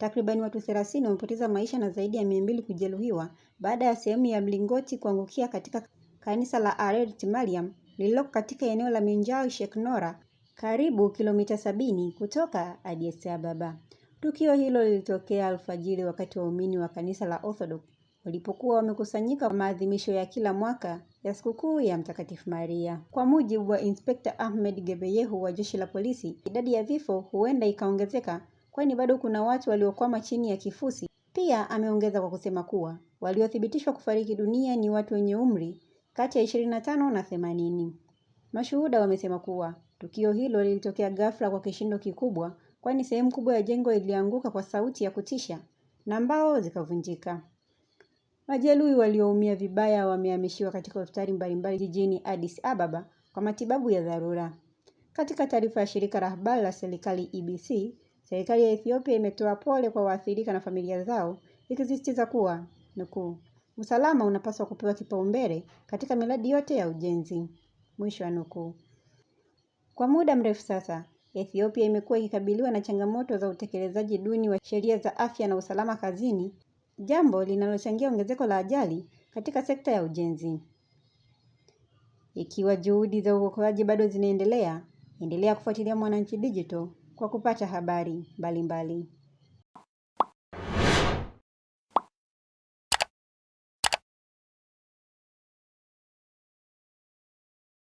Takribani watu 30 wamepoteza maisha na zaidi ya 200 kujeruhiwa baada ya sehemu ya mlingoti kuangukia katika kanisa la aret Mariam lililoko katika eneo la minjao Sheikh Nora, karibu kilomita sabini kutoka Addis Ababa. Tukio hilo lilitokea alfajiri wakati waumini wa kanisa la Orthodox walipokuwa wamekusanyika kwa maadhimisho ya kila mwaka ya sikukuu ya Mtakatifu Maria. Kwa mujibu wa Inspekta Ahmed Gebeyehu wa Jeshi la Polisi, idadi ya vifo huenda ikaongezeka kwani bado kuna watu waliokwama chini ya kifusi. Pia ameongeza kwa kusema kuwa waliothibitishwa kufariki dunia ni watu wenye umri kati ya 25 na 80. Mashuhuda wamesema kuwa tukio hilo lilitokea ghafla kwa kishindo kikubwa, kwani sehemu kubwa ya jengo ilianguka kwa sauti ya kutisha na mbao zikavunjika. Majeruhi walioumia vibaya wamehamishiwa katika hospitali mbalimbali jijini Addis Ababa kwa matibabu ya dharura. Katika taarifa ya shirika la habari la serikali EBC, Serikali ya Ethiopia imetoa pole kwa waathirika na familia zao, ikisisitiza kuwa nukuu, usalama unapaswa kupewa kipaumbele katika miradi yote ya ujenzi, mwisho wa nukuu. Kwa muda mrefu sasa, Ethiopia imekuwa ikikabiliwa na changamoto za utekelezaji duni wa sheria za afya na usalama kazini, jambo linalochangia ongezeko la ajali katika sekta ya ujenzi. Ikiwa juhudi za uokoaji bado zinaendelea, endelea kufuatilia Mwananchi Digital kwa kupata habari mbalimbali.